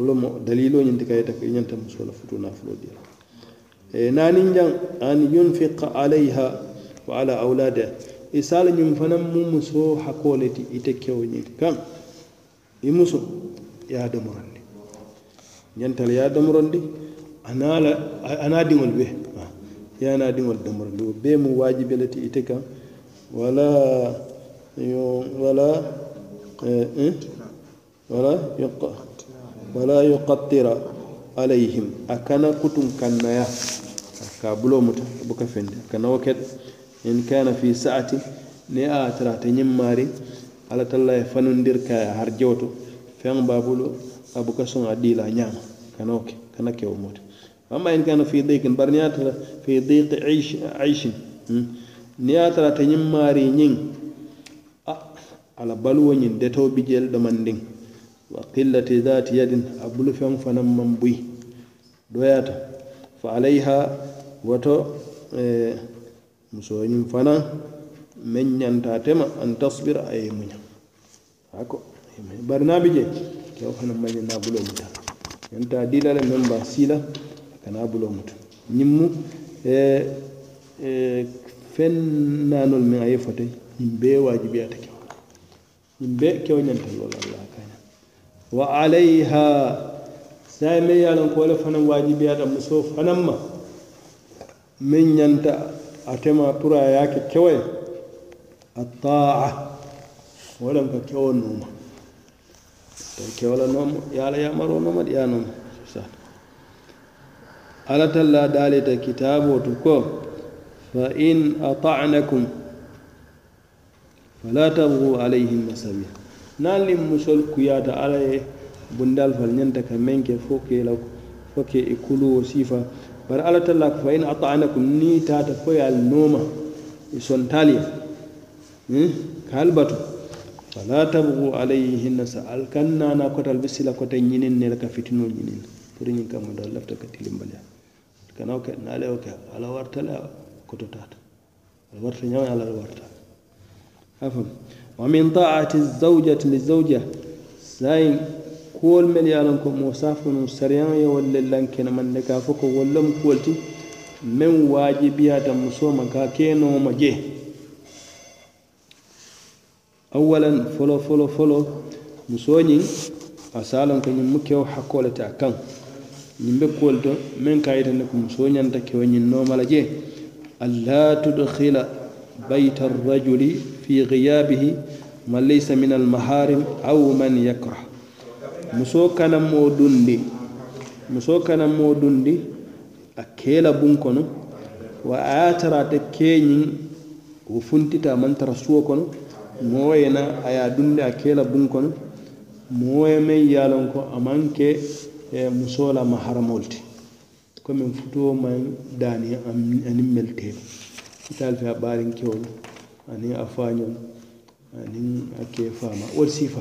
lomo daliloñinti kayita ko e ñanta musola futu nafulodir e nani jang an yunfiqa alayha wa ala auladia i e sala ñum fanan mu e muso hakkole ti ite kewñin kan i muso ya domorondi ñantal ya domorondi anala ana diŋol be ah, yana diŋol domorondi wo be mu wajibele ti ite kan wala yo wala eh, eh, wala yoqa wala yuqattira alayhim akana kutum kannaya ka bulo muta buka fendi kana waket in kana fi sa'ati ne a tara ta nyim mari ala talla e fanun dir ka har jawto fen babulo abu kasun adila nyama kana waket kana ke umuta amma in kana fi dhiqin barniyat fi dhiq aish aish hmm, ne a tara ta nyim mari nyin a ala balwo nyin deto bijel da manding wa qillati zati yadin a bulufen fanan man buyi doyata fa alaiha wato e, musoyin fanan manyanta tema an tasbir a yi munya hako e bar na bije kyau fanan manya na bulo muta yan ta dila da men ba sila ka na bulo muta nin mu e, fen nanol min a yi fatai nin be wajibi a ta kyau nin be kyau nyanta yola wa alaiha sai me yaran ko le fanan wajibi ya so fanan ma min yanta tura ya ke kewaye ta'a walam ka kewo numa to kewala nom yala maro noma ya noma ala talla dalita kitabo to ko fa in ata'nakum fala tabghu alayhim masabiya na lim musol kuyada ala ye bundal fal ñanta ka meŋ ke fo ke la fo ke i e kuluwo siifa bari alla talla ko fa in ata'anakum ni tata fo ye al nooma i e sontaliya ka al batu fala tabgu alayhinna sa al kan nana kotal be sila kota ñinin ne la ka fitinol ñinin pour ñin kamma do lafta ka tilimbaliya kanaw ke naale o ke ala warta la koto tata ala warta ñawa ala warta afam wa min ta'ati zawjati li zawja sai kol mel yalan ko mo safunu sariyan ya walle lankena man ne ka foko wallam kolti men wajibiya ta muso man ka keno maje awalan folo folo folo muso nyin asalan ko nyum mukew hakolata kan nyimbe kolto men kayita ne ko muso nyanta kewani no malaje alla tudkhila بيت الرجل في غيابه من ليس من المحارم أو من يكره مسوكنا مودندي مسوكنا مودندي أكيلا بنكنو وآترا تكيني وفنتتا من ترسوكنو موينا أيا دندي أكيلا بنكنو موين يالونكو أمانك مسولا محرمولتي كمن فتوة من داني أنملتين italfe a ɓarin kewol aniŋ a fañol aniŋ a ke fama wol sifa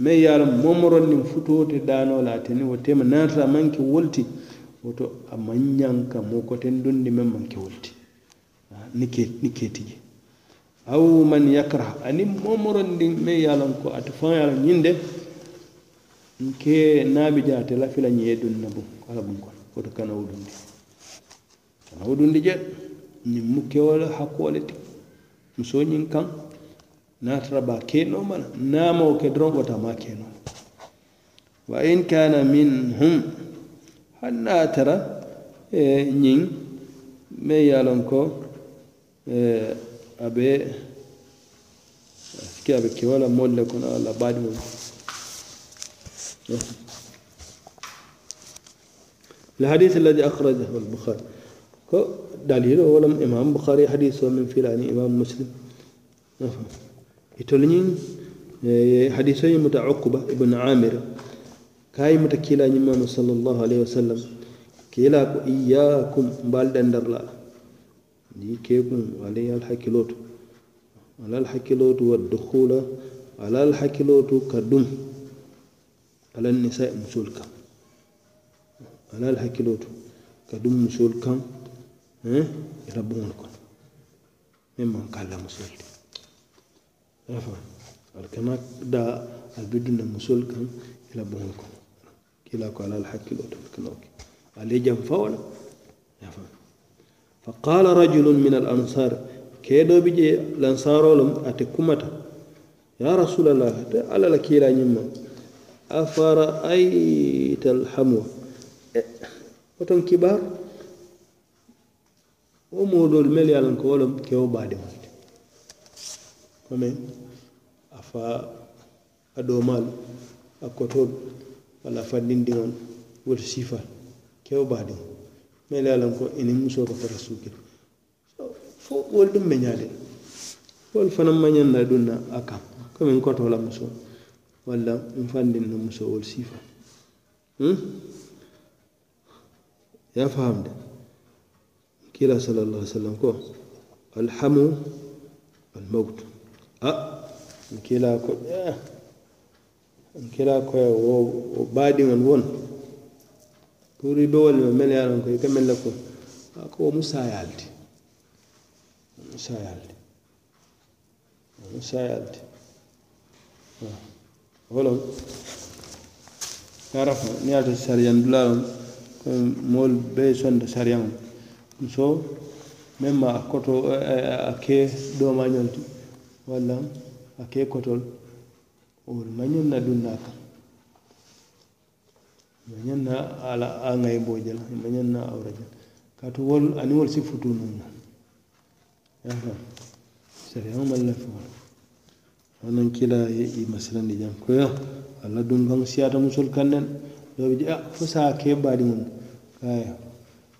mais ye ala momoron niŋ futowote danola ateni wo tema nanata manke wolti woto a maŋ ñanka mo koten dondi meŋ manke wolti ni keti je aw man yakra ani momoron ndin mai yalan ko ati fan yalan nyinde nke nabi ja ta lafila nyi edun na bu kala bun ko to kana wudun di kana wudun di je ñiŋ mukkeo le hakkoo le ti musoo ñiŋ kaŋ niŋ a tara baa keenoo ma la niŋ a mawo ke doroŋ wota maa keenoo ma wa in kana minhum hani niŋ a tara ñiŋ meŋ ye a loŋ ko a be a be kewo la moolu le kono a la baadiŋolu الحديث الذي أخرجه البخاري دليل ولم إمام بخاري حديث ومن فلان إمام مسلم يتولين حديثين متعقبة ابن عامر كاي متكيلا إمام صلى الله عليه وسلم كيلا إياكم بالدن درلا دي كيكم علي الحكيلوت على الحكيلوت والدخول على الحكيلوت كدوم على النساء مسول على الحكيلوت كدم مسول كم ira buŋol kono meŋ maŋ ka la musol ti arafa ala kana da ala be dunna musol kaŋ ila buŋol kono kila ko ala ala hakkiloo to kana ke ala jam fawo la yafa fa qala rajulun min al ansar ke do bi je lansaro lum ate kumata ya rasulullah ta ala la kila nyimma afara aital hamu eh, oton kibar wo moodoolu meelu ye a lanko wo lo kewo baadimante comme a fa a doomaalu a kotoolu walla a fa dindiŋolu wolu siifaalu kewo baadimo meelu ye a lanko ini musoo ka fota suukilu fo wolu duŋ be ñaa de wolu fanaŋ mañaŋ na duŋ na a kaŋ comme n kotoo la musoo walla n fandiŋ na musoo wolu siifaalu hmm? ya faham de hmm? كلا صلى الله عليه وسلم كو الحمو الموت أه كلا كو إيه، كلا كو وبعدين من ون بوري بول من يعلم كو يكمل لكم أكو موسى يالتي موسى يالتي موسى يالتي آه. ولو تعرف نيات السريان دولارون مول بيسون السريان so même ma koto eh, eh, a ke domañolti walla a ke kotol owoni mañen na dunna kan mañen na ala a ŋay bojala mañen na awrajal kaatu wol ani wol si futu nunna yaha sariya mal la fewol anan kila i e, e masilandi jam koyo alla dun kaŋ siyata musol kan nen dobi je a ah, fo sa ke baadiŋol kaya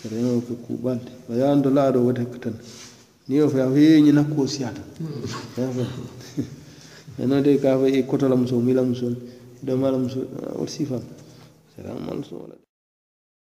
sereno fe kuɓante o yando laaɗo wote ko tan ni o fea heeñi nakko siya tan eno de kafa e kotola musoo milamusoo ɗomala musoo ol sifan seramal soola